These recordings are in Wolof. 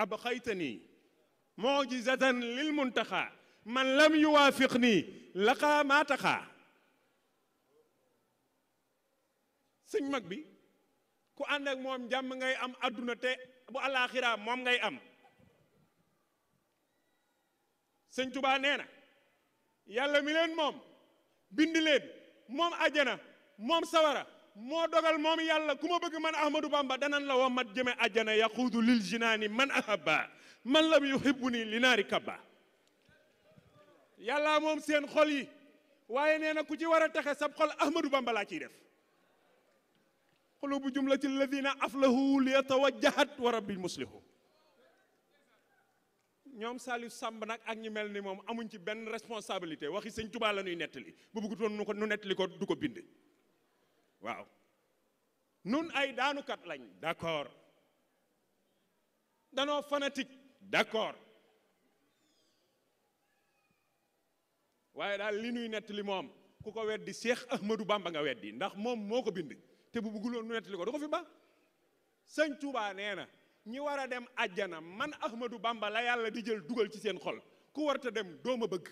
abqaytani mu'jizatan lil muntaxa man lam yuwaafiqni laqaa maa taxaa sëñ mag bi ku ànd ak moom jàmm ngay am àdduna te bu alaaxira moom ngay am sëñ Tuubaa nee na yàlla mi leen moom bind leen moom àjjana moom sawara moo dogal moom yàlla ku ma bëgg man ahmadou bamba danan la wammat jëme ajjana yaquudu lil jinaani man ahabba man la lam yuhibbu nii li naari kabba yàlla moom seen xol yi waaye nee na ku ci war a texe sab xol ahmadou bamba laa ciy def xulubu jumlati alladina aflahu li yatawajjahat wa rabbil muslihu ñoom Saliou Samb nag ak ñu mel ni moom amuñ ci benn responsabilité waxi sëñ Tuubaa la nuy nettali bu bëggutoon nu ko nu nettali ko du ko bind waaw nun ay daanukat lañ d'accord danoo fanatique d'accord waaye daal li nuy nettali moom ku ko weddi Cheikh Ahmadou bàmba nga weddi ndax moom moo ko bind te bu bëgguloon nu nettali ko du ko fi ba sëñ Touba na ñi war a dem àjjana man Ahmadou bàmba la yàlla di jël dugal ci seen xol ku warta dem dooma bëgg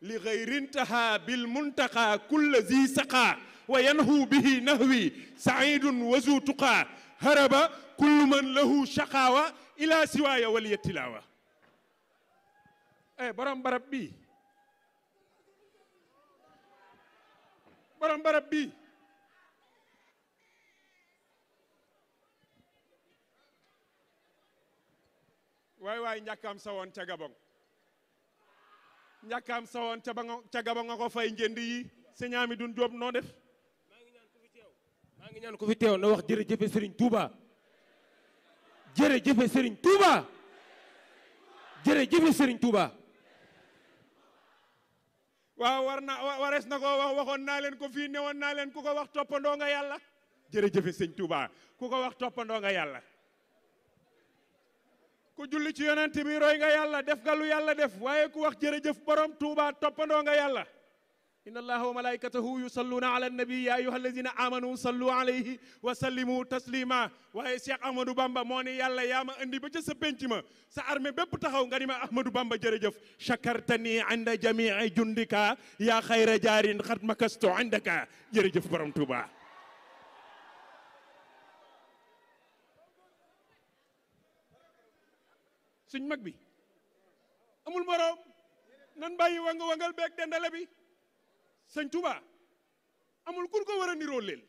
li gayrin taha bil muntaqa kulla zi saqa wa yanhu bihi nahwi saidun wazu tuqa haraba kullu man lahu shaqawa ila siwaaya waliya tilaawa eh borom barab bi borom barab bi waay waay njàkkaam sa woon ca Gabon njàkkaam sawoon ca ba ca gaba ko fay njënd yi sëñ Ami Dun Jóob noo def maa ngi ñaan ku fi teew maa ngi ñaan ku wax jërëjëfe sëriñ Touba jërëjëfe sëriñ Touba jërëjëfe sëriñ Touba waaw war na warees na ko wax waxoon naa leen ko fii woon naa leen ku ko wax toppandoo nga yàlla jërëjëfe sëñ Touba ku ko wax toppandoo nga yàlla ku julli ci yonent bi roy nga yàlla def nga lu yàlla def waaye ku wax jërëjëf borom tuuba toppandoo nga yàlla inna allaha wa malaikatahu yusalluuna ala annabi ya ayyuha allazina amanu sallu alayhi wa sallimu taslima waaye cheikh ahmadou bamba moo ne yàlla yaa ma andi ba ca sa pénc ma sa armée bépp taxaw nga ni ma ahmadou bamba jërëjëf chakartani inda jamii jundika yaa xayra jaarin xat makastu indaka jërëjëf borom tuuba suñ mag bi amul moroom nan bàyyi wanga wangal beeg dendale bi sëñ Touba amul kur ko war a niroo leel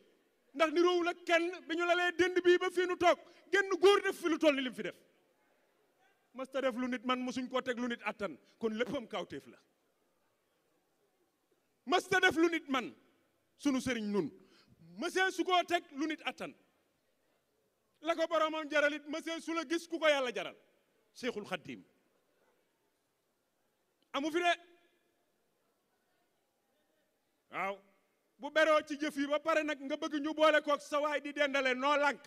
ndax niroowul ak kenn bi ñu lalee dënd bii ba fii nu toog genn góor def fi lu toll ni lim fi def masta def lu nit man mosuñ koo teg attan kon léppam kawteef la masta def lu nit man sunu sëriñ nun mësee su koo teg lu nit attan la ko boromam jaralit mësee su la gis ku ko yàlla jaral Seexul Xaddiim amu fi de waaw bu beroo ci jëf yi ba pare nag nga bëgg ñu boole kook sa waay di dendale noo lànk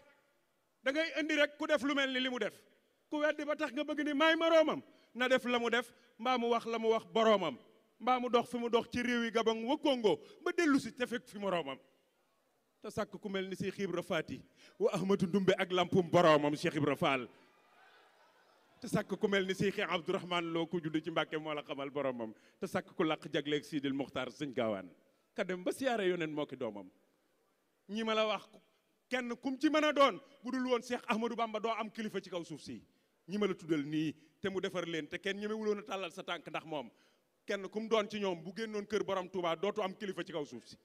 da ngay indi rek ku def lu mel ni li mu def ku weddi ba tax nga bëgg ni maay moroomam na def la mu def mbaa mu wax la mu wax boroomam mbaa mu dox fi mu dox ci réew yi Gabon wa Congo ba dellu si te fekk fi moroomam te sàkk ku mel ni si Ibra Faati wa Ahmadou Ndumbe ak lampum boroomam Cheikh Ibra Fall te sàkk ku mel ni Seex Abdourahmane Lo ku judd ci Mbàkke moo la xamal boromam te sàkk ku làq jagleeg Sidil Muxtaar sëñ gaawaan ka dem ba siyaare yoneen moo ki doomam ñi ma la wax kenn kum ci mën a doon bu dul woon Seex Ahmadou Bamba doo am kilifa ci kaw suuf si ñi ma la tuddal nii te mu defar leen te kenn ñeme wuloon tàllal sa tànk ndax moom kenn kum doon ci ñoom bu génnoon kër borom Touba dootu am kilifa ci kaw suuf si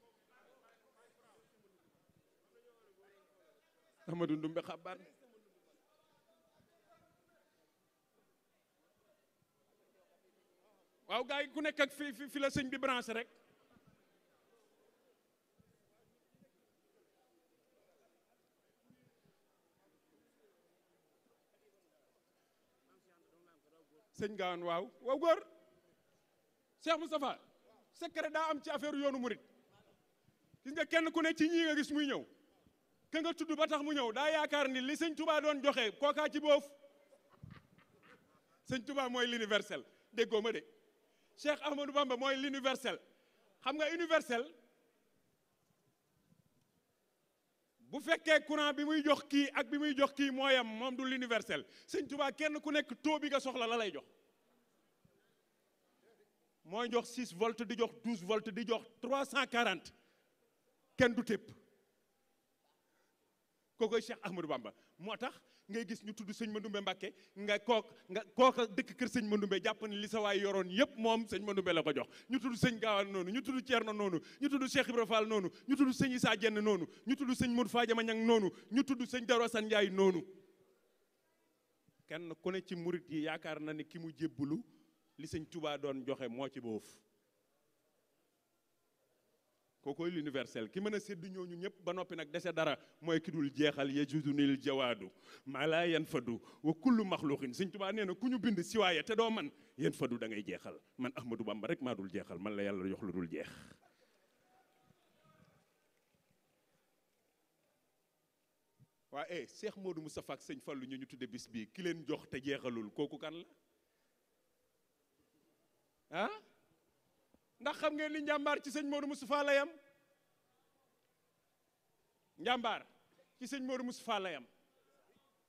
waaw gaa yi ku nekk ak fi fi la sëñ bi branché rek sëñ gaawaan waaw waaw góor Cheikh Moustapha secret daa am ci affaire yoonu murit gis nga kenn ku ne ci ñii nga gis muy ñëw ka nga tudd ba tax mu ñëw daa yaakaar ni li sëñ Touba doon joxe kookaa ci boof sëñ Touba mooy l'universel déggoo ma de Cheikh Ahmadou Bamba mooy l'universel xam nga universel bu fekkee courant bi muy jox kii ak bi muy jox kii mooyam moom du l'universel sëñ Tuubaa kenn ku nekk taux bi nga soxla la lay jox mooy jox 6 volt di jox 12 volt di jox quarante kenn du tépp kookoy Cheikh Ahmadou Bamba moo tax ngay gis ñu tudd sëñ Mandumbe Mbàkke nga kook nga kooka dëkk kër sëñ Mandumbe jàpp ne li sa waay yoroon yépp moom sëñ Mandumbe la ko jox ñu tudd sëñ Gaawaan noonu ñu tudd Ceerno noonu ñu tudd Cheikh Ibra Fall noonu ñu tudd sëñ Isaa Jenn noonu ñu tudd sëñ Modou Fadiama Ñang noonu ñu tudd sëñ Darou Assane Ndiaye noonu kenn ku ne ci murit yi yaakaar na ni ki mu jébbulu li sëñ Tuubaa doon joxe moo ci boof kookoy l'universel ki mën a sédd ñooñu ñëpp ba noppi nag dese dara mooy ki dul jeexal yajudunil jawaadu mala yan fadu wa kullu maxluqin Sëñ Tuubaa nee na ku ñu bind si waaye te doo man yan fadu da jeexal man Ahmadou Bamba rek maa dul jeexal man la yàlla jox lu dul jeex waa eh Cheikh Modou Moustapha ak Sëñ Fallu ñu ñu tudde bis bii ki leen jox te jeexalul kooku kan la ah? ndax xam ngeen ni njàmbaar ci sëñ Modou Moustapha la yam njàmbaar ci sëñ Modou Moustapha la yam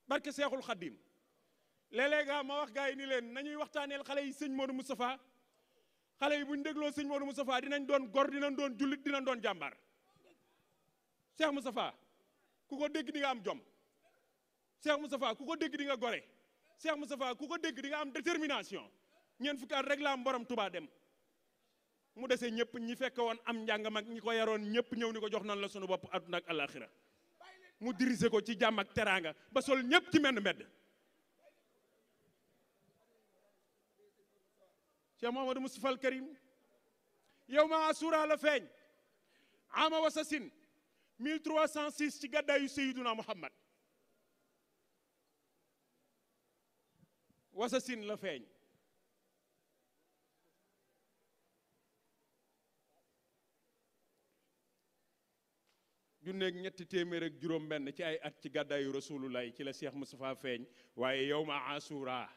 barke Seexul Xaddim léeg-léeg ah ma wax gaa yi ni na ñuy waxtaaneel xale yi sëñ Modou Moustapha xale yi bu ñu dégloo sëñ Modou Moustapha dinañ doon gor dinañ doon jullit dinañ doon jàmbaar Cheikh Moustapha ku ko dégg dinga nga am jom Cheikh Moustapha ku ko dégg di nga gore Cheikh Moustapha ku ko dégg di nga am détermination ñeen fukki at rek la am borom Touba dem. mu dese ñëpp ñi fekke woon am njàngam ñi ko yaroon ñëpp ñëw ni ko jox nan la sunu bopp aduna ak àllaaxira mu dirigé ko ci jàmm ak teraanga ba sol ñëpp ci menn mbedd Cheikh Mouhamadou Moustapha al Karim yow ma asura la feeñ ama wasasin 1306 ci gàddaayu Seyduna Muhammad wasasin la feeñ junneeg ñetti téeméer ak juróom-benn ci ay at ci gàddaayu rasulullahi ci la Cheikh Moustapha feeñ waaye yow ma asura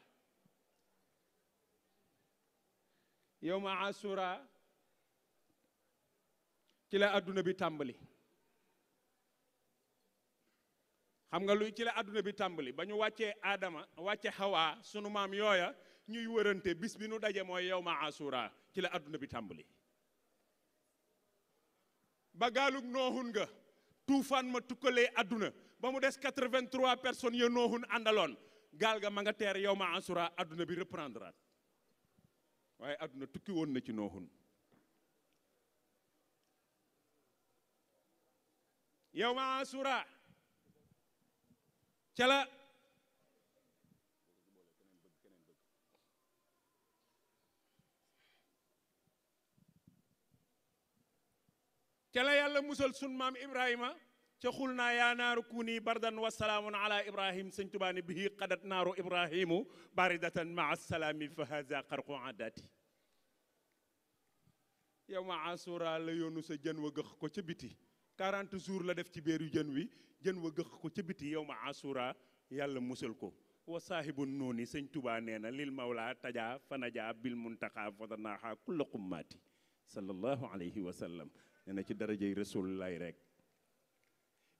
yow ma asura ci la adduna bi tàmbali xam nga luy ci la adduna bi tàmbali ba ñu wàccee aadama wàcce xawaa sunu maam yooya ñuy wërante bis bi nu daje mooy yow ma asura ci la àdduna bi tàmbali ba gaalug noohun nga tuufaan ma tukkalee àdduna ba mu des 83 personnes ya noohun àndaloon gaal ga ma nga teer yow ma ansura adduna bi reprendre waaye àdduna tukki woon na ci noohun yow ma ansura ca ca la yàlla musal sun maam ibrahima ca xul naa yaa naaru kuuni bardan wa salaamun ala ibrahim sëñ tubaa ne bihi qadat naaru ibrahimu baridatan maa salaami fa haza xarqu adati yow ma asura la yoonu sa jën wa gëx ko ca biti 40 jours la def ci biiru jën wi jën wa gëx ko ca biti yow ma asura yàlla musal ko wa saahibu nuuni sëñ tubaa nee na lil mawla tajaa fanaja bil muntaqa fadanaaha kulla qummaati sallallahu alayhi wa sallam nee na ci darajey rasulullahi rek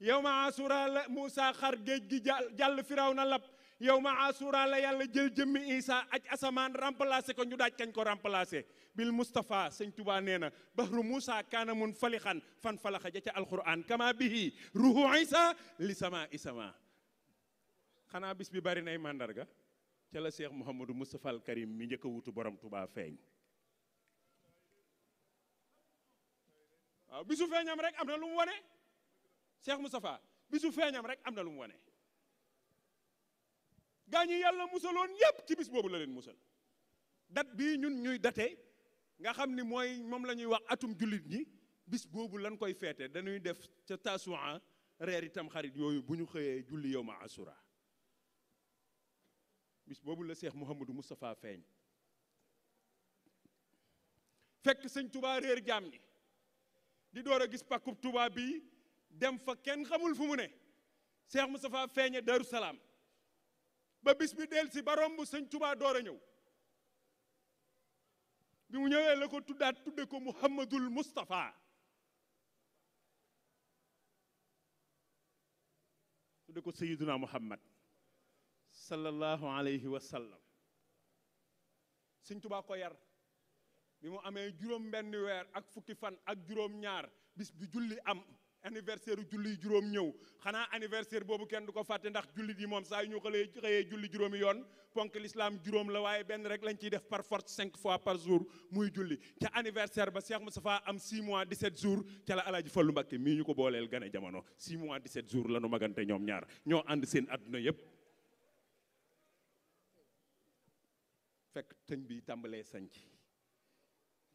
yow ma asura la Moussa xar géej gi jàll firaw na lab yow ma asura la yàlla jël jëmmi Isa aj asamaan remplacé ko ñu daaj kañ ko remplacé bil Moustapha sëñ Touba nee na bahru Moussa kaana mun falixan fan falaxa ja ca alquran kama bihi ruhu Isa li sama isama xanaa bis bi bari nay màndarga ca la Cheikh Mouhamadou Moustapha al Karim mi njëkk wutu borom tubaa feeñ waaw bisu feeñam rek am na lu mu wane Cheikh Moustapha bisu feeñam rek am na lu mu wane gaa ñi yàlla musaloon yépp ci bis boobu la leen musal dat bii ñun ñuy date nga xam ni mooy moom lañuy wax atum jullit ñi bis boobu lañ koy feete dañuy def ca tasuan reer itam xarit yooyu bu ñu xëyee julli yow ma asura bis boobu la Cheikh Mouhamadou Moustapha feeñ fekk sëñ tubaa réer jaam ñi di door a gis pàkkub Touba bii dem fa kenn xamul fu mu ne Cheikh Moustapha feeñe Darou Salaam ba bis bi del si ba romb sëñ Touba door a ñëw bi mu ñëwee la ko tuddaat tudde ko Mouhamadul Moustapha tudde ko Sayyiduna Muhammad sallallahu alayhi wa sallam sëñ ko yar bi mu amee juróom benn weer ak fukki fan ak juróom ñaar bis bi julli am anniversaire julli juróom ñëw xanaa anniversaire boobu kenn du ko fàtte ndax jullit yi moom saa ñu xëlee xëyee julli juróomi yoon ponk lislaam juróom la waaye benn rek lañ ciy def par force cinq fois par jour muy julli ca anniversaire ba Cheikh Moustapha am 6 mois 17 jours ca la Alaaji Fallu Mbakke mii ñu ko booleel gane jamono 6 mois 17 jours la nu magante ñoom ñaar ñoo ànd seen adduna yépp bi tàmbalee sanc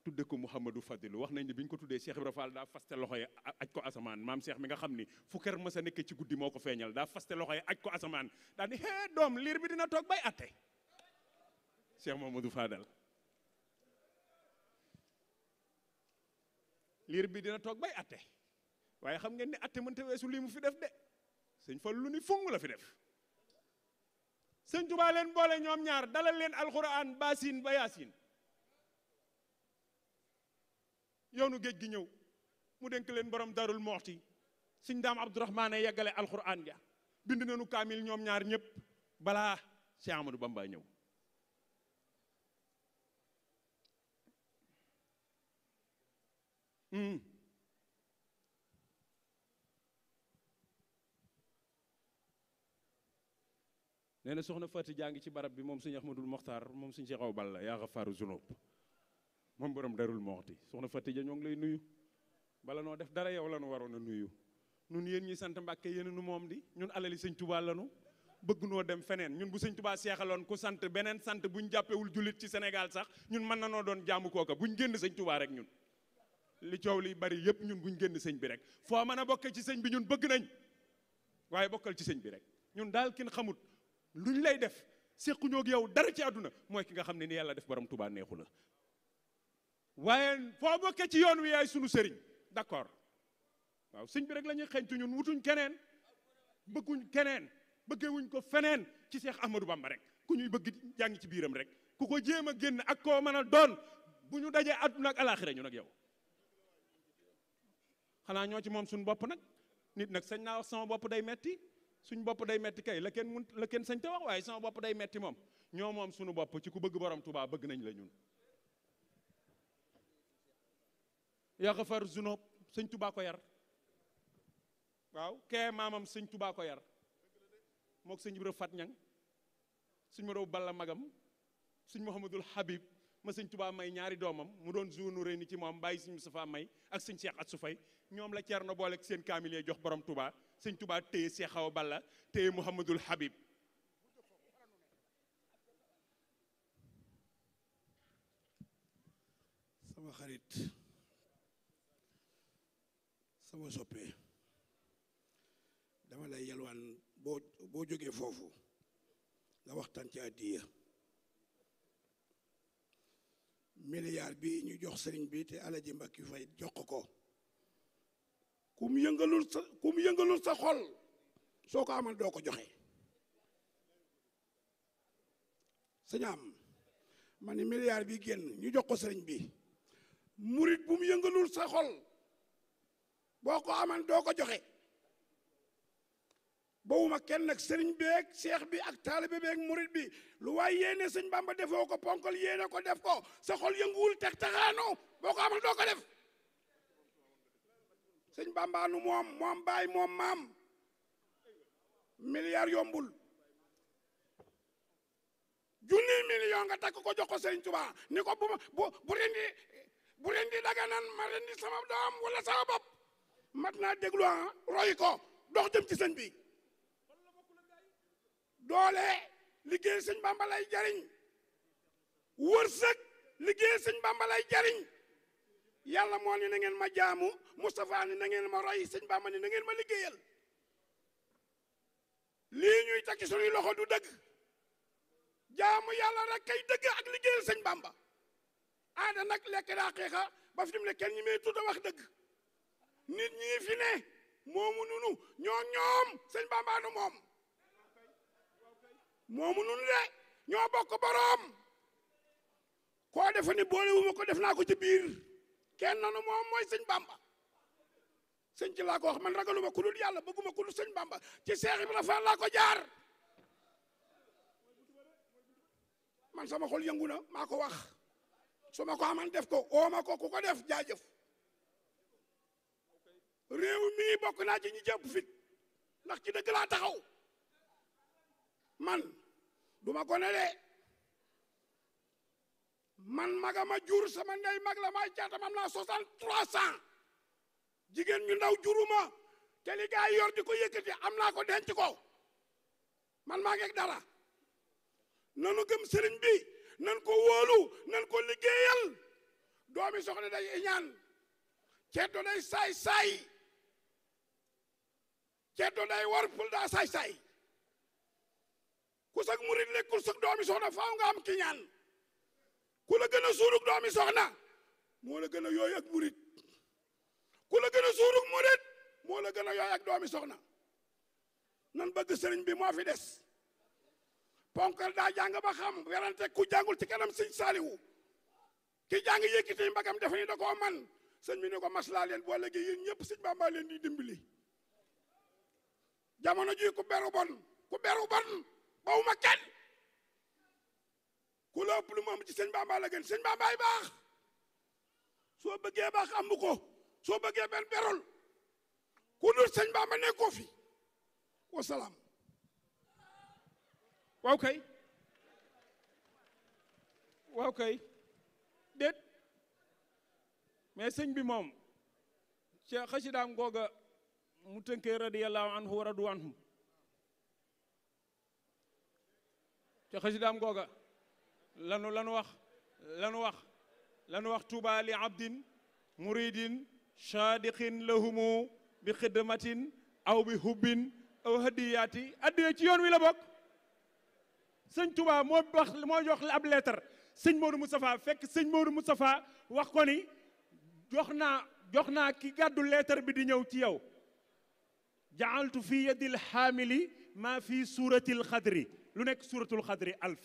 tudde ko Mouhamadou Fadilu wax nañ ne bi ñu ko tuddee Cheikh Ibra Fall daa faste loxo yi aj ko asamaan maam Cheikh mi nga xam ni fu kër ma sa nekkee ci guddi moo ko feeñal daa faste loxo yi aj ko asamaan daa ni hee doom liir bi dina toog bay atte Cheikh Mouhamadou Fadal liir bi dina toog bay atte waaye xam ngeen ni atte mënta weesu lii mu fi def de sëñ Fallu lu ni fungu la fi def sëñ Tuubaa leen boole ñoom ñaar dalal leen alxuraan baasin ba yaasin yow nu géej gi ñëw mu denk leen boroom darul moxti suñ daam abdourahmaane yeggale alquran ja bind nañu kaamil ñoom ñaar ñëpp balaa si Amadou Bamba ñëw hmm. nee na soxna Fatou jaa ci barab bi moom suñu Ahmadul Moxtaar moom suñu Cheikh Awa Balla yaa xafaaru zunub moom borom darul moxti soxna Fatou Dia ñoo ngi lay nuyu bala noo def dara yow la nu waroon a nuyu ñun yéen ñi sant Mbàkke yéen nu moom di ñun alali sëñ Tuubaa lanu bëgg noo dem feneen ñun bu sëñ Tuubaa seexaloon ku sant beneen sant bu ñu jàppewul jullit ci Sénégal sax ñun mën na noo doon jaamu kooka ñu génn sëñ Tuubaa rek ñun li coow li bari yépp ñun buñ génn sëñ bi rek foo mën a bokkee ci sëñ bi ñun bëgg nañ waaye bokkal ci sëñ bi rek ñun daal kin xamut luñ lay def séquñoo ak yow dara ci àdduna mooy ki nga xam ne ni yàlla def borom Tuubaa neexu la waaye foo bokkee ci yoon wi yaay sunu sëriñ d'accord waaw sëñ bi rek lañuy ñuy xeñtu ñun wutuñ keneen bëgguñ keneen bëggee wuñ ko feneen ci Seex Ahmadou Bamba rek ku ñuy bëgg jàngi ci biiram rek ku ko jéem a génn ak koo mën a doon bu ñu dajee àdduna ak alaaxira ñu nag yow xanaa ñoo ci moom suñu bopp nag nit nag sañ naa wax sama bopp day metti suñ bopp day metti kay la kenn mun la kenn sañ te wax waaye sama bopp day metti moom ñoo moom sunu bopp ci ku bëgg borom Tuubaa bëgg nañ la ñun yaa xafar zunub sëñ tubaa ko yar waaw kee maamam sëñ tubaa ko yar mook sëñ Ibra Fat Ñang suñ ma doo balla magam suñ Mouhamadul Habib ma sëñ tubaa may ñaari doomam mu doon zunu rëy ni ci moom bàyyi sëñ Moustapha may ak sëñ at su Faye ñoom la ceer na booleeg seen kaamil yee jox borom tubaa sëñ tubaa téye Cheikh Awa Balla téye Mouhamadul Habib sama xarit sama soppee dama lay yalwaan boo boo jógee foofu nga waxtaan ci àddiya milliard bi ñu jox sëriñ bi te alaji mbakki fay jox ko kum yëngalul sa yëngalul sa xol soo ko amal doo ko joxe sañaam ma ne milliard bi génn ñu jox ko sëriñ bi murit bu mu yëngalul sa xol boo ko aman doo ko joxe bawuma kenn nag sëriñ beeg seex bi ak taalibe beeg murit bi lu waaye yéene sëñ bamba defoo ko ponkal yéene ko def ko sa xol yënguwul teg taxaano boo ko aman doo ko def sëñ bamba nu moom moom baay moom maam milliard yombul junni million takk ko jox ko sëriñ Tuubaa ni ko bu bu rendi bu rendi daga nan ma rendi sama doom wala sama bopp mat naa déglu ah roy ko dox jëm ci señ bi doole liggéey sëñ Bàmba lay jariñ wërsëg liggéey sëñ Bàmba lay jariñ yàlla moo ni na ngeen ma jaamu Moustapha ni na ngeen ma roy sëñ Bàmba ni na ngeen ma liggéeyal lii ñuy takki suñuy loxo du dëgg jaamu yàlla rek kay dëgg ak liggéeyal sëñ Bàmba aada nag lekk daa xeexa ba fi mu ne kenn ñi may tudd wax dëgg nit ñi fi ne moomu nunu ñoo ñoom sëñ Bamba nu moom moomu nunu de ñoo bokk boroom koo defe boole wu ko def naa ko ci biir kenn nanu moom mooy sëñ Bamba sëñ ci laa ko wax man ragaluma ku dul yàlla bëgguma ku dul Bamba ci Seex Ibra Faal ko jaar man sama xol yëngu na maa ko wax su ko aman def ko oo ko ku ko def jaajëf réew mii bokk naa ci ñu jàpp ci dëgg laa taxaw man du ma gone de man magama jur sama ndey mag la maay caatam am naa soixante-trois ans jigéen ñu ndaw juruma te li yor di ko yëkkati am naa ko denc ko man maa ngeeg dara nanu gëm sëriñ bi nan ko wóolu nan ko liggéeyal doomi soxna day iñaan ceddo day saay saay ceddo day war ful daa say-say ku sag murit lekkul sag doomi soxna faaw nga am ki ñaan ku la gën a suurug doomi soxna moo la gën a yooy ak murit ku la gën a suurug murit moo la gën a yooy ak doomi soxna nan bëgg sëriñ bi moo fi des ponkal daa jàng ba xam werante ku jàngul ci kanam sëñ saaliwu ki jàng yëkkati mbagam defe ni da koo man sëñ bi ne ko maslaa leen boo léegi yéen ñëpp sëñ bàmbaa leen di dimbali jamono ji ku beru bon ku beru bon bawuma kenn ku la ëpp lu mu am ci sëñ Bamba la gën sëñ Bambaay baax soo bëggee baax am ko soo bëggee benn berol ku dul sëñ Bamba nekkoo fi wa salaam waaw kay waaw kay déet mais sëñ bi moom ca xasidaam googa mu tënkee radiyallahu anhu wa radu anhum ca xasidaam googa lanu lanu wax lanu wax lanu wax tuuba li abdin muridin saadiqin lahumu bi xidmatin aw bi hubbin aw hadiyaati addiye ci yoon wi la bokk sëñ tuuba moo wax moo jox ab leetar sëñ Modou Moustapha fekk sëñ Modou Moustapha wax ko ni jox jox naa ki gàddu leetar bi di ñëw ci yow jaaltu fi yadil xaamili maa fi suuratil xadri lu nekk suuratul xadri alf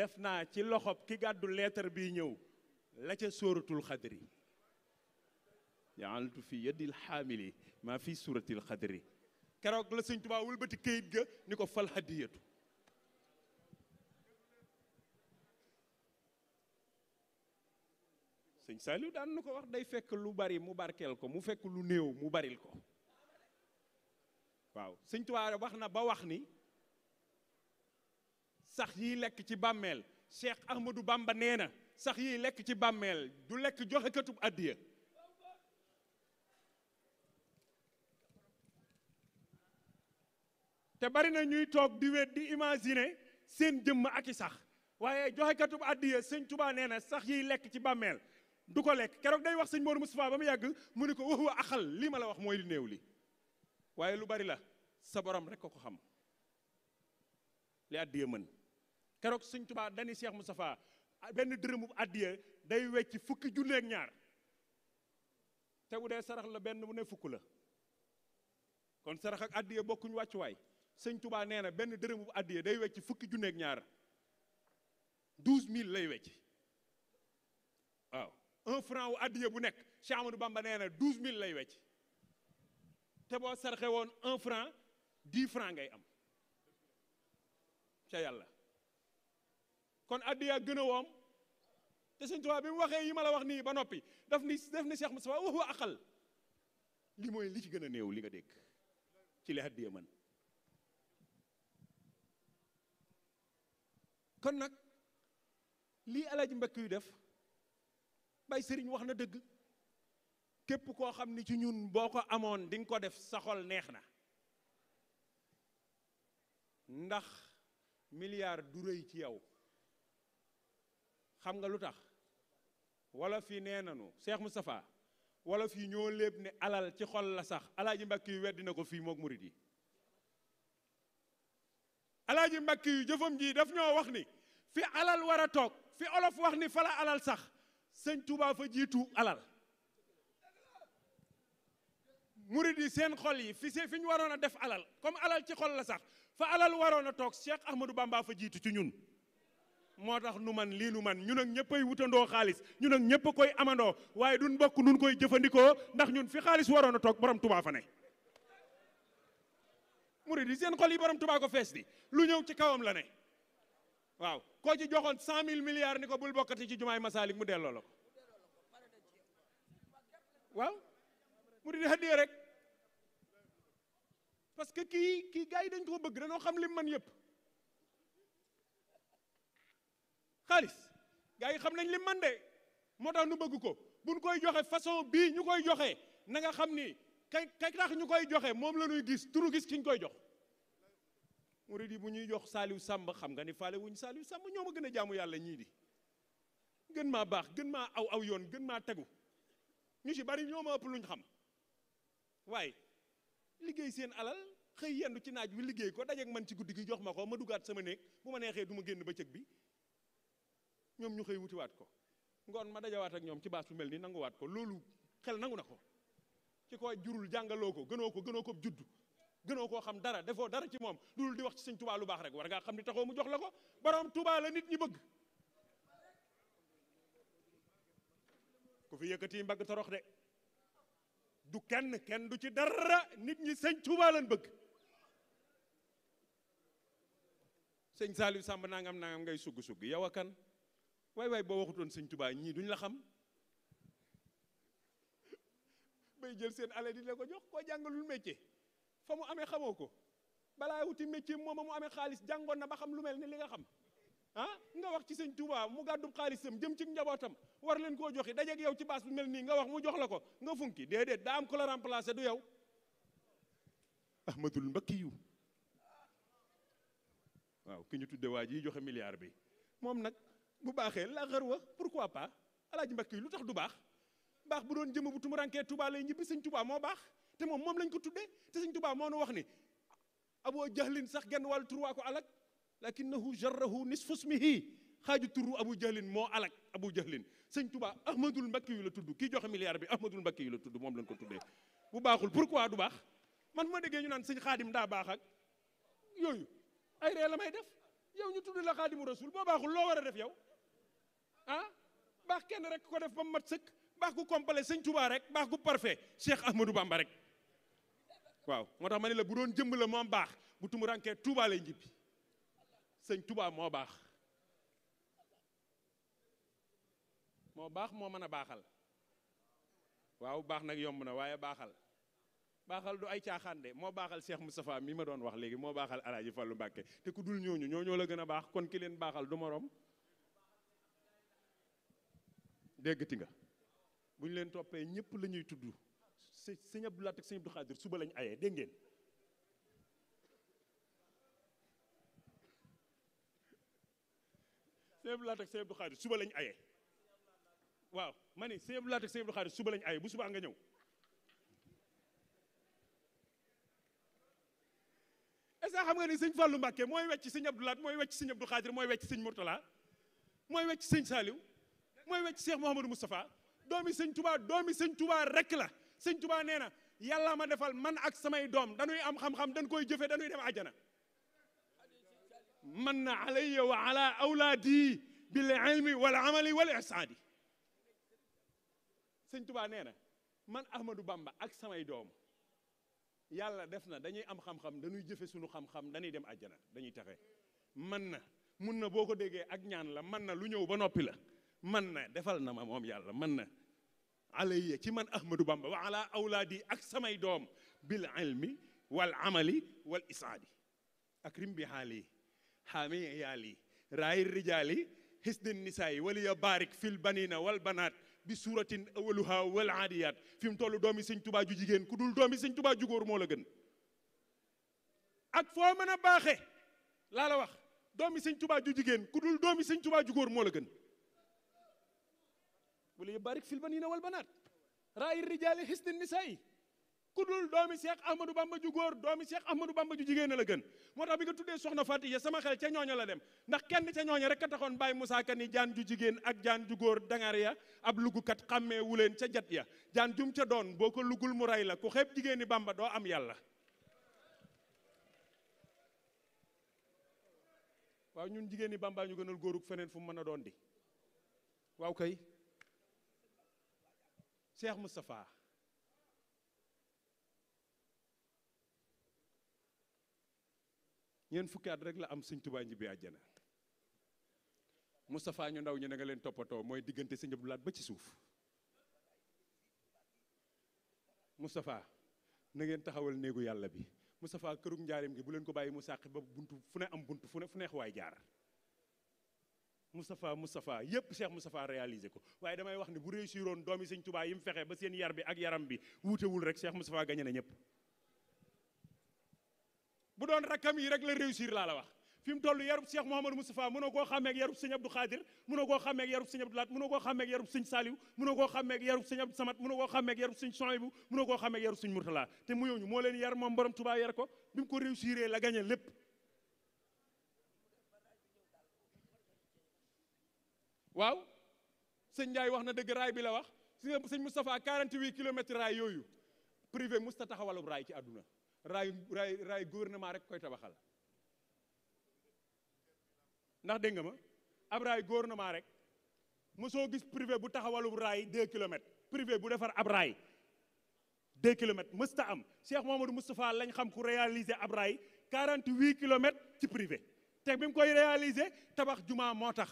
def naa ci loxob ki gàddu leetar bi ñëw la ca suuratul xadri jaaltu fi yadil xaamili maa fi suuratil xadri keroog la sëñ Tuubaa wëlbati këyit ga ni ko fal hadiyatu sëñ Saliou daan na ko wax day fekk lu bari mu barkeel ko mu fekk lu néew mu baril ko waaw sëñ Tuubaa wax na ba wax ni sax yi lekk ci bàmmeel Cheikh Ahmadou Bamba nee na sax yi lekk ci bàmmeel du lekk joxe katub àddiya te bari na ñuy toog di wet di imaginer seen jëmm ak i sax waaye joxe katub àddiya sëñ Tuubaa nee na sax yiy lekk ci bàmmeel du ko lekk keroog day wax sëñ Moodu Mustafaa ba mu yàgg mu ni ko wax axal lii ma la wax mooy di néew li waaye lu bari la sa borom rek ko ko xam li addiya mën keroog sëñ Tuubaa dani Cheikh Moustapha benn dërëmu addiya day wecc fukki junne ak ñaar te bu dee sarax la benn bu ne fukk la kon sarax ak addiya bokkuñu wàccuwaay sëñ tubaa nee na benn dërëmu addiya day wecc fukki junne ak ñaar douze mille lay wecc waaw un franc wu addiya bu nekk Cheikh Amadou Bamba nee na douze mille lay wecc te boo sarxe woon un franc dix franc ngay am ca yàlla kon addiya gën a woom te sëñ Tuubaa bi mu waxee yi ma la wax nii ba noppi daf ni def ni Cheikh Moustapha waxu aqal li mooy li ci gën a néew li nga dégg ci li addiya mën kon nag lii alaaj mbekk yu def bay sëriñ wax na dëgg képp koo xam ni ci ñun boo ko amoon di nga ko def sa xol neex na ndax milliard du rëy ci yow xam nga lu tax wala fii nee nanu Cheikh Moustapha wala fii ñoo léeb ne alal ci xol la sax alaaji mbàkk yu weddi na ko fii mook murit yi alaaji mbàkk yu jëfam ji daf ñoo wax ni fi alal war a toog fi olof wax ni fala alal sax sëñ Tuubaa fa jiitu alal murid yi seen xol yi fi fi ñu waroon a def alal comme alal ci xol la sax fa alal waroon toog Cheikh Ahmadou Bamba fa jiitu ci ñun moo tax nu man lii nu man ñun ak ñëpp ay wutandoo xaalis ñun ak ñëpp koy amandoo waaye duñ bokk nun koy jëfandikoo ndax ñun fi xaalis waroon a toog borom tubaa fa ne murid yi seen xol yi borom tubaa ko fees di lu ñëw ci kawam la ne waaw koo ci joxoon cent mille milliards ni ko bul bokkati ci jumaay masaalik mu delloo la ko mu di hadiya rek parce que kii kii gars yi dañ koo bëgg dañoo xam lim man yëpp xaalis gars yi xam nañ lim man de moo tax nu bëgg ko buñ koy joxe façon bii ñu koy joxe na nga xam ni kay kay tax ñu koy joxe moom la ñuy gis turu gis ki ñu koy jox di yi bu ñuy jox saaliw sàmb xam nga ni faale wuñ saaliw sàmb ñoo ma gën a jaamu yàlla ñii di gën maa baax gën maa aw aw yoon gën maa tegu ñu ci bari ñoo ma ëpp xam waaye liggéey seen alal xëy yendu ci naaj wi liggéey ko dajeeg man ci guddi gi jox ma ko ma duggaat sama néeg bu ma neexee du ma génn bëccëg bi ñoom ñu xëy wutiwaat ko ngoon ma daja dajawaat ak ñoom ci baas bu mel ni nanguwaat ko loolu xel nangu na ko ci ko jurul jàngaloo ko gënoo ko gënoo ko judd gënoo koo xam dara defoo dara ci moom loolu di wax ci sëñ Tuubaa lu baax rek war ngaa xam ni taxoo mu jox la ko borom Tuubaa nit ñi bëgg ku fi yëkkati mbagg torox de du kenn kenn du ci dara nit ñi sëñ Tuuba lañ bëgg sëñ Saliou Samb nangam nangam ngay sugg-sugg yow a kan waay waay boo waxutoon sëñ Tuuba ñii duñ la xam bay jël seen ale di la ko jox koo jàngalul métier fa mu amee xamoo ko balaa wuti métier moom mu amee xaalis jàngoon na ba xam lu mel ni li nga xam Ah nga wax ci sëñ Touba mu gàddu xaalisam jëm ci njabootam war leen koo joxe dajeeg yow ci baas bu mel nii nga wax mu jox la ko nga funki déedéet daa am ko la remplacé du yow ahmadul mbakki yu waaw ki ñu tudde waa ji joxe milliard bi moom nag bu baaxee la xër wa pourquoi pas alaaji mbakki lu tax du baax baax bu doon jëma bu tumurankee Touba lay ñibbi sëñ tubaa moo baax te moom moom lañ ko tuddee te sëñ tubaa moo nu wax ni aboo jaxlin sax genn wàllu turwaa ko alak lakinahu jarrahu nisfu ismihi xaaj turu abu jahlin moo alak abu jahlin sëñ tubaa ahmadul mbakki yu la tudd kii joxe milliard bi ahmadul mbakki yu la tudd moom lañ ko tuddee bu baaxul pour pourquoi du baax man ma déggee ñu naan sëñ xaadim daa baax ak yooyu ay ree la may def yow ñu tudd la xaadimu rasul boo baaxul loo war a def yow ah baax kenn rek ko def ba mu mat sëkk baax ku complet sëñ tubaa rek baax ku parfait cheikh ahmadou bamba rek waaw moo tax ma ne la bu doon jëmb la moom baax bu tumu tubaa lay njibbi sëñ tubaab moo baax moo baax moo mën a baaxal waaw baax nag yomb na waaye baaxal baaxal du ay caaxaan de moo baaxal Cheikh Moustapha mii ma doon wax léegi moo baaxal Alaaji Fàllu Mbàkke te ku dul ñooñu ñoo ñoo la gën a baax kon ki leen baaxal du morom déggati nga bu ñu leen toppee ñëpp la ñuy tudd sëñ Abdou Lahat ak sëñ Abdou suba lañ ayee dégg ngeen sëñ Abdou Lahad ak sëñ Abdou suba lañ aye ma ni sëñ Abdou Lahad ak sëñ suba lañ aye bu suba nga ñëw est-ce xam nga ni sëñ Fallou Mbacké mooy wecc sëñ Abdou Lahad mooy wecc sëñ Abdou Khadre mooy wecc sëñ Mourtala mooy wecc sëñ Saliou mooy wecc Cheikh Mouhamadou Moustapha doomi sëñ Touba doomi sëñ Touba rek la sëñ Touba nee na yàlla ma defal man ak samay doom dañuy am xam-xam dañ koy jëfe dañuy dem àjjana man alayya wa ala awlaadi bil ilmi wal amali wal ihsaani sëñ Tuubaa nee na man Ahmadou Bamba ak samay doom yàlla def na dañuy am xam-xam dañuy jëfe suñu xam-xam dañuy dem àjjana dañuy texe man na mun na boo ko déggee ak ñaan la man na lu ñëw ba noppi la man na defal na ma moom yàlla man na alayya ci man Ahmadou Bamba wa ala awlaadi ak samay doom bil ilmi wal amali wal isaadi ak rim bi xaami yaali raay rijaali xisnin nisaayi wala ya baarik fil banina wal banaat bi suuratin awaluha wal aadiyaat fi mu toll doomi sëñ tubaa ju jigéen ku dul doomi sëñ tubaa ju góor moo la gën ak foo mën a baaxe laa la wax doomi sëñ tubaa ju jigéen ku dul doomi sëñ tubaa ju góor moo la gën wala ya baarik fil banina wal banaat raay rijaali xisnin nisaayi ku dul doomi Cheikh Ahmadou Bamba ju góor doomi Cheikh Ahmadou Bamba ju jigéen la gën moo tax bi nga tuddee soxna Fatiya sama xel ca ñooña la dem ndax kenn ca ñooña rek a taxoon Baye Moussa Ka ni jaan ju jigéen ak jaan ju góor dangar ya ab lugukat xàmmee wu leen ca jat ya jaan jum ca doon boo ko lugul mu ray la ku xeeb jigéeni Bamba doo am yàlla waaw ñun jigéeni Bamba ñu gënal góorug feneen fu mu mën a doon di waaw kay Cheikh Moustapha ñeent fukki at rek la am sëñ Tuubaa ñibbi àjjana Moustapha ñu ndaw ñu na nga leen toppatoo mooy diggante sëñ Abdou Lahad ba ci suuf Moustapha na ngeen taxawal néegu yàlla bi Moustapha kërug njaareem gi bu leen ko bàyyi mu sàq ba bunt fu ne am bunt fu ne fu neex waay jaar Moustapha Moustapha yépp Cheikh Moustapha réalisé ko waaye damay wax ne bu réussiroon doomi sëñ Tuubaa yi mu fexe ba seen yar bi ak yaram bi wuutewul rek Cheikh Moustapha gañe na ñëpp bu doon rakkam yi rek la réussir laa la wax fi mu toll yarub Cheikh Mouhamadou Moustapha mënoo koo xàmmeeg yarub sëñ Abdou Khadir mënoo koo xàmmeeg yarub sëñ Abdou Laat mënoo koo xàmmeeg yarub sëñ Saliou mënoo koo xàmmeeg yarub sëñ Abdou Samad mënoo koo xàmmeeg yarub sëñ Souhaïbou mënoo koo xàmmeeg yarub sëñ Mourtala te mu yooñu moo leen yar moom borom Tuubaa yar ko bi mu ko réussiree la gagné lépp waaw sëñ Ndiaye wax na dëgg bi la wax sëñ Moustapha 48 kilomètres raay yooyu privé musta taxawalub raay ci àdduna raay raay raay gouvernement rek koy tabaxal ndax dégg nga ma ab raay gouvernement rek mosoo gis privé bu taxawalub raay deux kilomètres privé bu defar ab raay deux kilomètres mësta am Cheikh Mouhamadou Moustapha lañ xam ku réaliser ab raay quarante huit kilomètres ci privé te bi koy réaliser tabax juma moo tax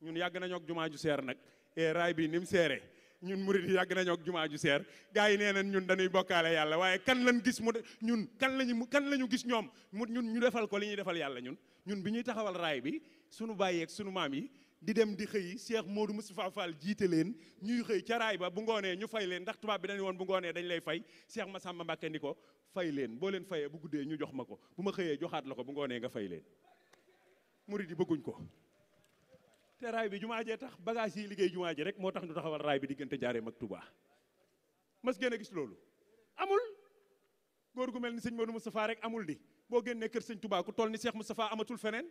ñun yàgg nañoo ak jumaa ju seer nag e raay bi ni mu seeree ñun murid yi yàgg nañoo ak jumaa ju seer gaa yi nee nañ ñun dañuy bokkaale yàlla waaye kan lañ gis mu ñun kan lañu kan lañu gis ñoom mu ñun ñu defal ko li ñuy defal yàlla ñun ñun bi ñuy taxawal raay bi sunu bàyyeek sunu maam yi di dem di xëy Cheikh Modou Moustapha Fall jiite leen ñuy xëy ca raay ba bu ngoonee ñu fay leen ndax tubaab bi dañu woon bu ngoonee dañ lay fay Cheikh ma Mbacké ni ko fay leen boo leen fayee bu guddee ñu jox ma ko bu ma xëyee joxaat la ko bu ngoonee nga fay leen yi bëgguñ ko te raay bi jumaa jee tax bagage yi liggéey jumaa ji rek moo tax ñu taxawal raay bi diggante Njaaréem ak Touba mas gën gis loolu amul góor gu mel ni sëñ Modou Moustapha rek amul di boo génnee kër sëñ Touba ku toll ni Cheikh Moustapha amatul feneen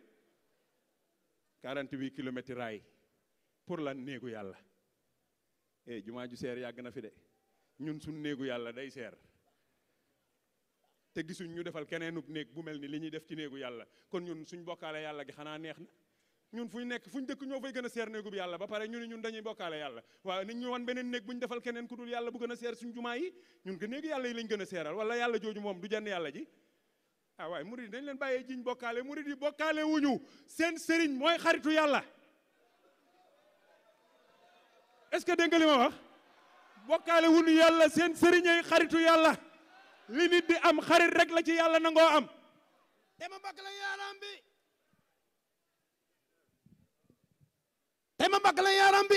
48 kilomètres raay pour lan néegu yàlla eh jumaa ju seer yàgg na fi de ñun suñ néegu yàlla day seer te gisuñ ñu defal keneenub néeg bu mel ni li ñuy def ci néegu yàlla kon ñun suñ bokkaale yàlla gi xanaa neex na ñun fu ñu nekk fu ñu dëkk ñoo fay gën a seer néegub yàlla ba pare ñu ñun dañuy bokkaale yàlla waaw nit ñu wan beneen néeg bu ñu defal keneen ku dul yàlla bu gën a seer suñ jumaa yi ñun ko néegi yàlla yi lañ gën a seeral wala yàlla jooju moom du jenn yàlla ji ah waaye murid yi dañ leen bàyyee jiñ bokkaale murid yi bokkaale wuñu seen sëriñ mooy xaritu yàlla est-ce que dégg nga ma bokkaale wuñu yàlla seen sëriñ xaritu yàlla li nit di am xarit rek la ci yàlla nangoo am te tey ma mbagg la yaram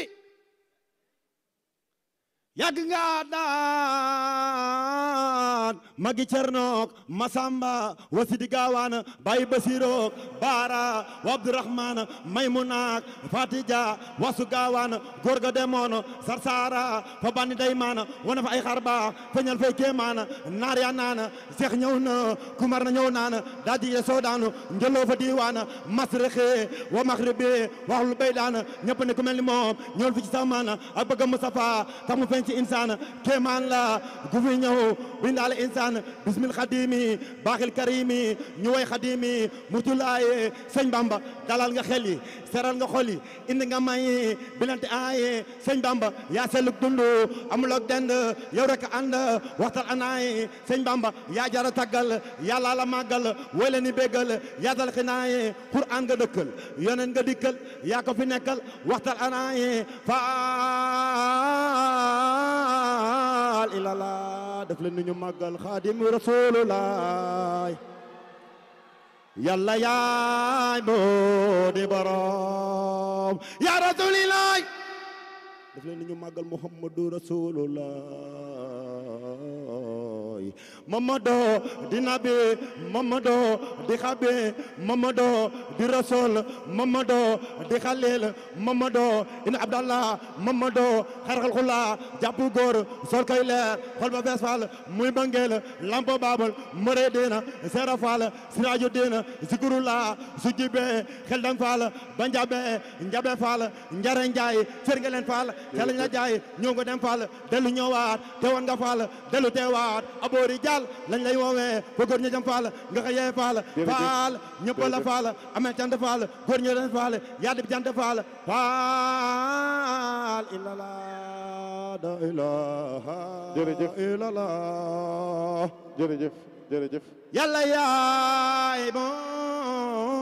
yàgg nga daan magi cernook masamba wasidi gaawaana bayi basirook baara wa abdurahmaana maymunaak fatija wasu gaawaana gorga demoon sarsara fa bandi daymaana wana fa ay xarba feñal fay kemaana naar ya naana seex ñëw na kumar na ñëw naana daa di soodaanu njëloo fa diwaana masrixe wa maxribe waxlu baydaana ñëpp ne ku mel ni moom ñëwul fi ci samaana ak bëgg Mustafa tamu feñ ci insaan kéemaan la gu fi ñëw insaan bismil xadimi baaxil karimi ñu way xadimi mujjulaaye sëñ bamba dalal nga xel yi seral nga xol yi indi nga may bilante aaye sëñ bamba yaa selluk dund amulook dend yow rek ànd waxtal anaaye sëñ bamba yaa jara taggal yàlla la màggal way ni béggal yaa dal xinaaye quraan nga dëkkal yoneen nga dikkal yaa ko fi nekkal waxtal anaaye fa ilaha illallah daf leen ñu màggal xaadimu rasulullah yàlla ñu màggal muhammadu rasulullah yi mamado di nabi mamado di xabe mamado di rasul mamado di xalil mamado in abdallah mamado xarxal xula jàppu góor sol koy leer xol muy bangeel lampo babal mëre dina seera faal siraaju dina zikurula su jibe xel dang njabe njabe faal njare njaay fergeleen faal xelañ la jaay ñoo nga dem faal teewaat boori jaal woowee ba góor ña jëm faal nga faal faal ñëpp la faal amee cant faal góor ña ren faal yaa cant faal faal ilala da ilaha jërëjëf ilala jërëjëf jërëjëf yàlla yaay moo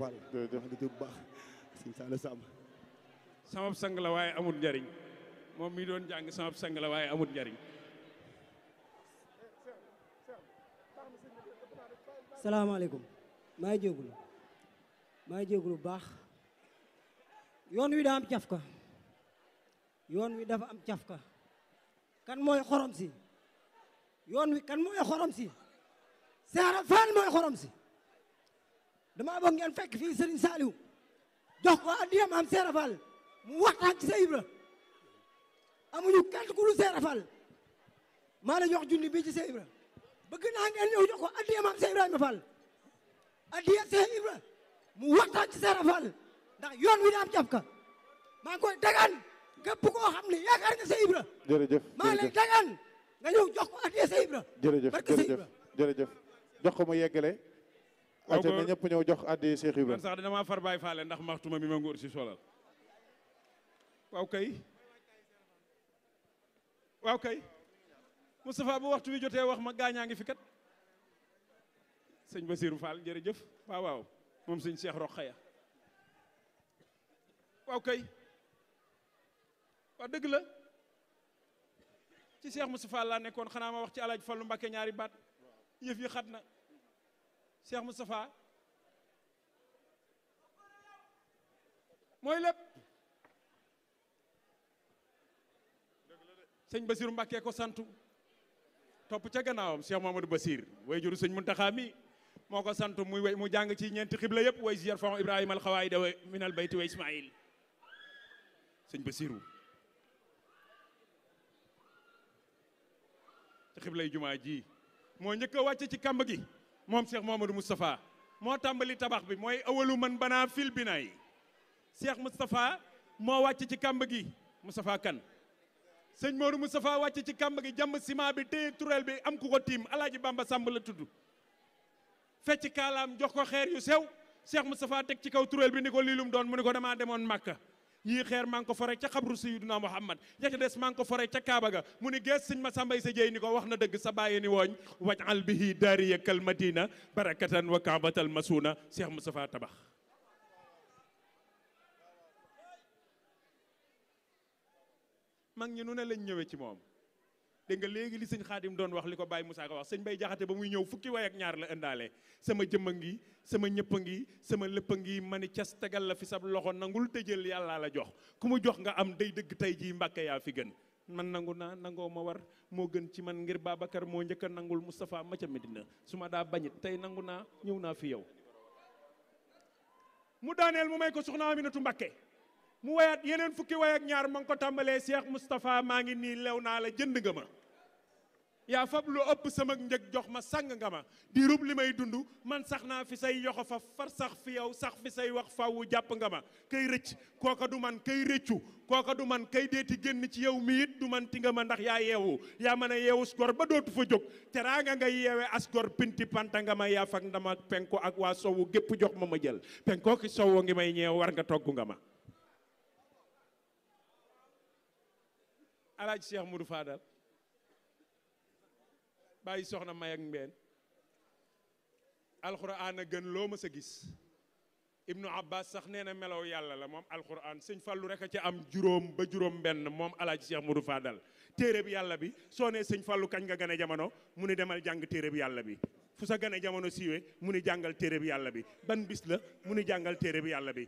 faal jërëjëf bu baax sëñ Saliou Samb sama sang amul njariñ moom mi doon jàng sama sang la waaye amul njariñ salaamaaleykum maa ngi jégalu maa ngi bu baax yoon wi daa am cafka yoon wi dafa am cafka kan mooy xorom si yoon wi kan mooy xorom si Seera Faal mooy xorom si dama bëgg ngeen fekk fii Serigne Saliou jox ko addiya maam Seera Faal mu waxtaan ci sa Ibra amuñu kenn ku dul Seex Ibra maa la jox junni bii ci Seex bëgg naa ngeen ñëw jox ko addiya maam Seex Ibrahima Fall addiya Seex mu maa ngi dagaan nga jërëjëf maa lay dagaan nga ñëw jox ko addiya Seex jërëjëf jox ko mu yeggale acca na ñëpp ñëw jox addiya Seex Ibra man sax dama far Baay Faal ndax maxtuma mi ma ngóor si solal waaw kay Moustapha bu waxtu bi jotee wax ma gaañaa ngi fi kat sëñ Basirou Fall jërëjëf waaw waaw moom sëñ Cheikh Rokhaya waaw kay waaw dëgg la ci Cheikh Moustapha laa nekkoon xanaa ma wax ci alaaj Fallu Mbàkke ñaari baat yëf yi xat na Cheikh Moustapha mooy lépp sëñ Basir Mbàkke ko santu topp ca gannaawam Cheikh Mamadou Basir way juru sëñ Muntaxa mi moo ko sant muy way mu jàng ci ñeenti xibla yëpp way ziyar fam Ibrahima alxawaayida wa min bayti way Ismail sëñ Basiru ci xiblay jumaa ji moo njëkk a wàcce ci kàmb gi moom moo Mouhamadou Moustapha moo tàmbali tabax bi mooy awalu man banaa fil binaay Cheikh Moustapha moo wàcce ci kàmb gi Moustapha kan sëñ Modou Moustapha wàcc ci kàmb gi jàmb simaa bi téye turel bi am ku ko tiim alaaji Bamba Samb la tudd fecc kaalaam jox ko xeer yu sew Cheikh Moustapha teg ci kaw turel bi ni ko liilum doon mu ni ko damaa demoon Màkka yii xeer maa ko fore ca xabru sayyiduna Muhammad ya ca des maa ngi ko fore ca Kaaba ga mu ni gees sëñ ma sàmbay sa jeey ni ko wax na dëgg sa bàyyi ni wooñ waj al bihi daariya kal madina barakatan wa kaabatal masuuna Cheikh Moustapha tabax mag ñi nu ne lañ ñëwee ci moom dégg nga léegi li sëñ xaadim doon wax li ko Baye Moussa ko wax sëñ bay Jaxate ba muy ñëw fukki way ak ñaar la ëndaale sama jëmm a ngi sama ñëpp a ngi sama lëpp a ngi ma ni cas tegal la fi sab loxo nangul te jël yàllaa la jox ku mu jox nga am day dëgg tey jii mbàkke yaa fi gën man nangu naa nangoo ma war moo gën ci man ngir Babacar moo njëkk a nangul Moustapha ma ca Medina su ma daa bañit tey nangu naa ñëw naa fi yow mu daaneel mu may ko soxna Aminatu Mbàkke mu wayaat yeneen fukki way ak ñaar ma ko tàmbalee Cheikh Moustapha maa ngi nii lew naa la jënd nga ma yaa fab lu ëpp sama njëg jox ma sàng nga ma di rub li may dund man sax naa fi say yoxo fa far sax fi yow sax fi say wax fawwu jàpp nga ma kay rëcc kooka du man kay rëccu kooka du man kay deeti génn ci yow mi it du man ti nga ma ndax yaa yeewu yaa man a yeewu gor ba dootu fa jóg teraanga nga yeewe as gor pinti panta nga ma yaa fag ndama penko ak waa sowu gépp jox ma ma jël penkoo ki ngi may ñeew war nga togg nga ma alaaj Cheikh Modou Fadal bàyyi soxna may ak mbeen alxuraan a gën loo mës a gis ibnu abbas sax nee na melaw yàlla la moom alxuraan sëñ fallu rek a ci am juróom ba juróom benn moom alaaj Cheikh Modou Fadal téere bi yàlla bi soo nee sëñ fallu kañ nga gane jamono mu ni demal jàng téere bi yàlla bi fu sa gane jamono siiwee mu ne jàngal téere bi yàlla bi ban bis la mu ne jàngal téere bi yàlla bi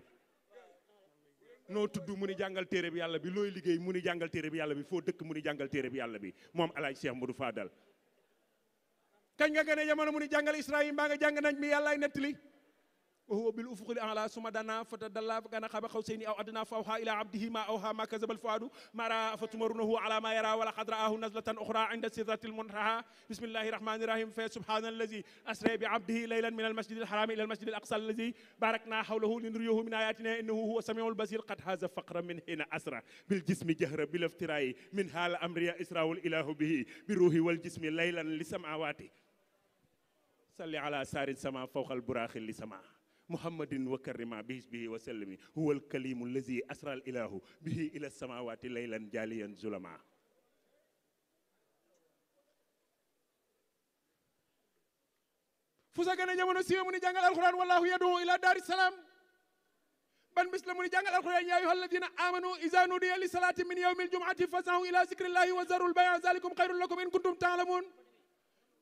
noo tudd mun i jàngal téere bi yàlla bi looy liggéey mu ni jàngal téere bi yàlla bi foo dëkk mu ni jàngal téere bi yàlla bi moom alaaj Cheikh Modou Fadal kañ nga gën a jamono mu ni jàngal Israayil mbaa nga jàng nañ mi yàllaay nettali wa huwa bil ufuqil a'la summa dana fatadalla fa kana qaba qawsayni aw adna fa awha ila abdihi ma awha ma kazaba al fuadu ma ra'a fatumarunahu ala ma yara wa laqad ra'ahu nazlatan ukhra 'inda sidratil muntaha bismillahir rahmanir rahim fa subhana allazi asra bi 'abdihi laylan min al masjidil haram ila al masjidil aqsa allazi barakna hawlahu linuriyahu min ayatina innahu huwa samiul basir qad haza faqra min hina asra bil jismi jahra bil iftirai min hal amriya isra wal ilahu bihi bi ruhi wal jismi laylan li samawati salli ala sarin sama fawqa al buraqi li sama muhammadin wa karima bis bihi wa sallimi huwa alkalimu allazi asra al ilahu bihi ila samawati laylan jaliyan zulama fu sa gën a jamono siiwe mu ni jàngal alquran wallahu yadu ila daari salaam ban bis la mu ni jàngal alquran yaa ayyuha alladina amanu iza nudiya li salati min yawmi aljumati fasahu ila zikrillahi wa zarul bay'a zalikum xayrun lakum in kuntum taalamun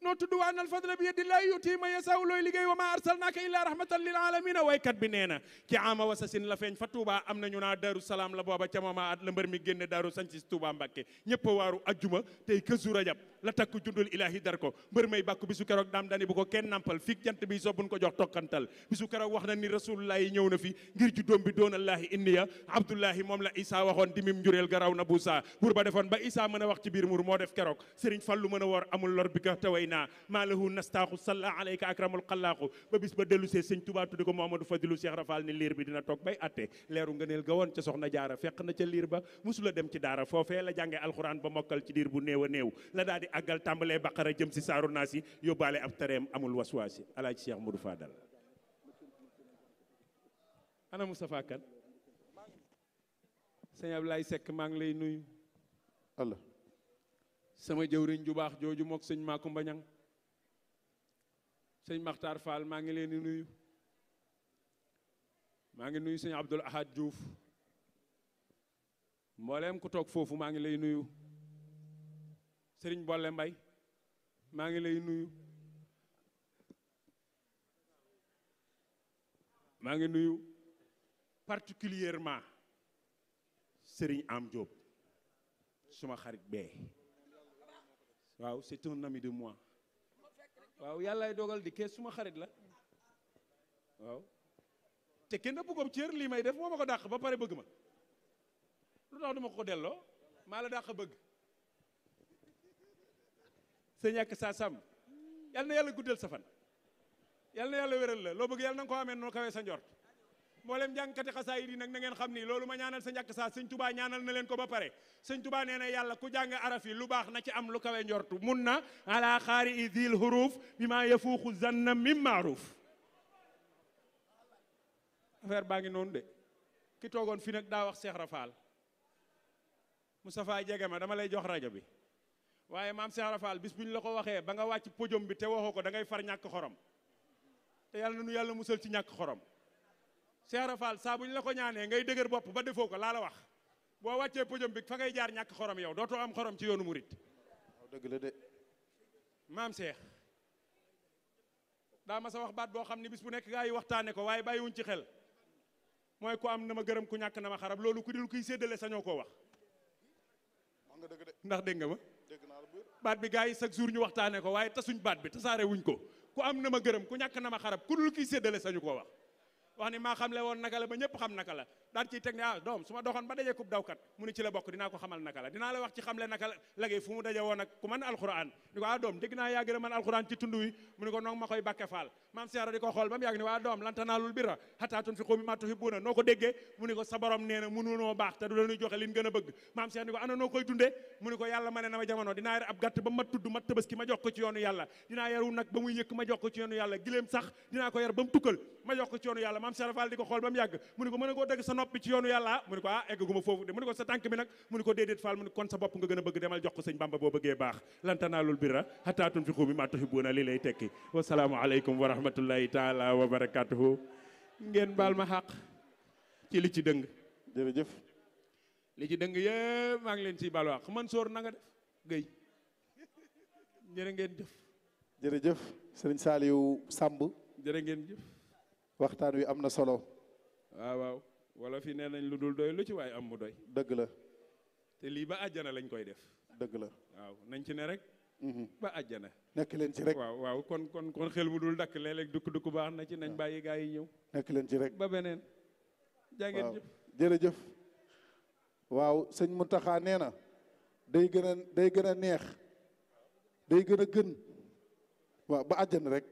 noo tudd wa annal fadla bi yadillahi yuti man yasaw looy liggéey wa ma arsalnaaka illaa rahmatan lil alamina waykat bi nee na ci ama wasasin la fa Touba am nañu naa Daaru Salaam la booba ca mama la mbar mi génne daaru sañcis Touba Mbàkke ñëpp a waaru ajjuma tey kësu rajab la takk jundul ilaahi dar ko mbër may bàkku bisu keroog daam dani bu ko kenn nampal fii jant bi so buñ ko jox tokkantal bisu keroog wax na ni rasulullahi ñëw na fi ngir ju doom bi doonallaahi inniya abdullahi moom la isaa waxoon dimim njureel garaw na buusa buur ba defoon ba isaa mën a wax ci biir mur moo def keroog sëriñ fallu mën a woor amul lor bi ka taway naa maalahu nastaaxu salla alayka akramul xallaaxu ba bis ba dellu see sëñ tubaa tuddi ko Mouhamadou Fadilu Cheikh Rafal ni liir bi dina toog bay atte leeru ngëneel ga woon ca soxna jaara fekk na ca liir ba musula dem ci daara foofee la jànge alxuraan ba mokkal ci diir bu néew a néew la daal àggal tàmbalee baqara jëm si saaru naa yi yóbbaale ab tareem amul waswaasi alaaji Cheikh Modou Fadal ana Moustapha Kane sëñ Ablaye Seck maa ngi lay nuyu allah sama jëwriñ ju baax jooju mook sëñ Makumba Ñang sëñ Makhtar Fall maa ngi leen di nuyu maa ngi nuyu sëñ Abdul Ahad Diouf mbooleem ku toog foofu maa ngi lay nuyu Serigne Bolle mbay maa ngi lay nuyu maa ngi nuyu particulièrement sëriñ Am Diop suma xarit bee waaw c'est un ami de moi waaw yàllaay dogal di kee suma xarit la waaw te kenn ëpp ko cër lii may def moo ma ko dàq ba pare bëgg ma lu tax du ma ko delloo maa la dàq bëgg sëñ ñàkk saa sàmm yal na yàlla guddal sa fan yal na yàlla wéral la loo bëgg yàlla na nga ko amee noo kawee sa njort mboolem jàngkati xasaayid yi nag na ngeen xam ni loolu ma ñaanal sa ñàkk saa sëñ tubaa ñaanal na leen ko ba pare sëñ tubaa nee na yàlla ku jàng araf yi lu baax na ci am lu kawe njortu mun na ala xaari i dil huruf bi maa na zanna min maaruf affaire baa ngi noonu de ki toogoon fi nag daa wax Seex Rafaal Moustapha jege ma dama lay jox rajo bi waaye maam Cheikh Rafal bis bu ñu la ko waxee ba nga wàcc podium bi te waxoo ko da ngay far ñàkk xorom te yàlla na nu yàlla musal ci ñàkk xorom Cheikh Rafal saa ñu la ko ñaanee ngay dëgër bopp ba defoo ko laa la wax boo wàccee podium bi fa ngay jaar ñàkk xorom yow dootoo am xorom ci yoonu murit waaw dëgg la maam Cheikh daa ma sa wax baat boo xam ne bis bu nekk gaa yi waxtaane ko waaye bàyyiwuñ ci xel mooy ku am na ma gërëm ku ñàkk na ma xarab loolu ku dul kuy séddale sañoo koo wax. wax nga dëgg nga ma. baat bi gars yi chaque jour ñu waxtaanee ko waaye tasuñ baat bi tasaare wuñ ko ku am na ma gërëm ku ñàkk na ma xarab ku dul kii séddale sañu ko wax wax ni maa xamle woon naka la ba ñëpp xam naka la daal ciy teg ne ah doom su ma doxoon ba dajee kub dawkat mu ni ci la bokk dinaa ko xamal naka la dinaa la wax ci xamle naka la fu mu daje woon ak ku man alquran ni ah, a man alquran na mënunoo baax te du lañuy joxe liñ gën a bëgg maam seera ni ko ana noo koy dundee mu yar ab gàtt ba ma tudd ma tabaski ma jox ci yoonu yàlla dinaa yaru nag ba muy yëkk ma jox ci yoonu yàlla giléem sax dinaa ko yar ba mu tukkal ma jox ci yoonu yàlla maam Cheikh di ko xool ba mu yàgg mu ko mën a koo dëgg sa nopp bi ci yoonu yàlla mu ne ko ah eggaguma foofu de mu ne ko sa tànk bi nag mu ko déedéet Fall mu ne kon sa bopp nga gën a bëgg demal jox ko sëñ Bamba boo bëggee baax lantanaalul birra hatta tunfiqu mimma tuhibbuuna li lay tekki wasalaamu aleykum wa rahmatullahi taala wa barakatuhu ngeen baal ma xaq ci li ci dëng jërëjëf li ci dëng maa ngi leen ciy baal wax man soor na nga def gëy jërë jëf jërëjëf sëriñ Saliou Samb jërë ngeen jëf waxtaan wi am na solo. waaw waaw wala fi nee nañ lu dul doy lu ci waaye am mu doy. dëgg la. te lii ba àjjana lañ koy def. dëgg la waaw nañ ci ne rek. Mhm. ba àjjana. nekk leen ci rek waaw kon kon kon xel dul dakk léeg-léeg dukk dukk na ci nañ bàyyi gaa yi ñëw. nekk leen ci rek ba beneen. jàngeen jëf waaw sëñ Moutakha nee na. day gën a day gën a neex. day gën a gën. waaw ba àjjana rek.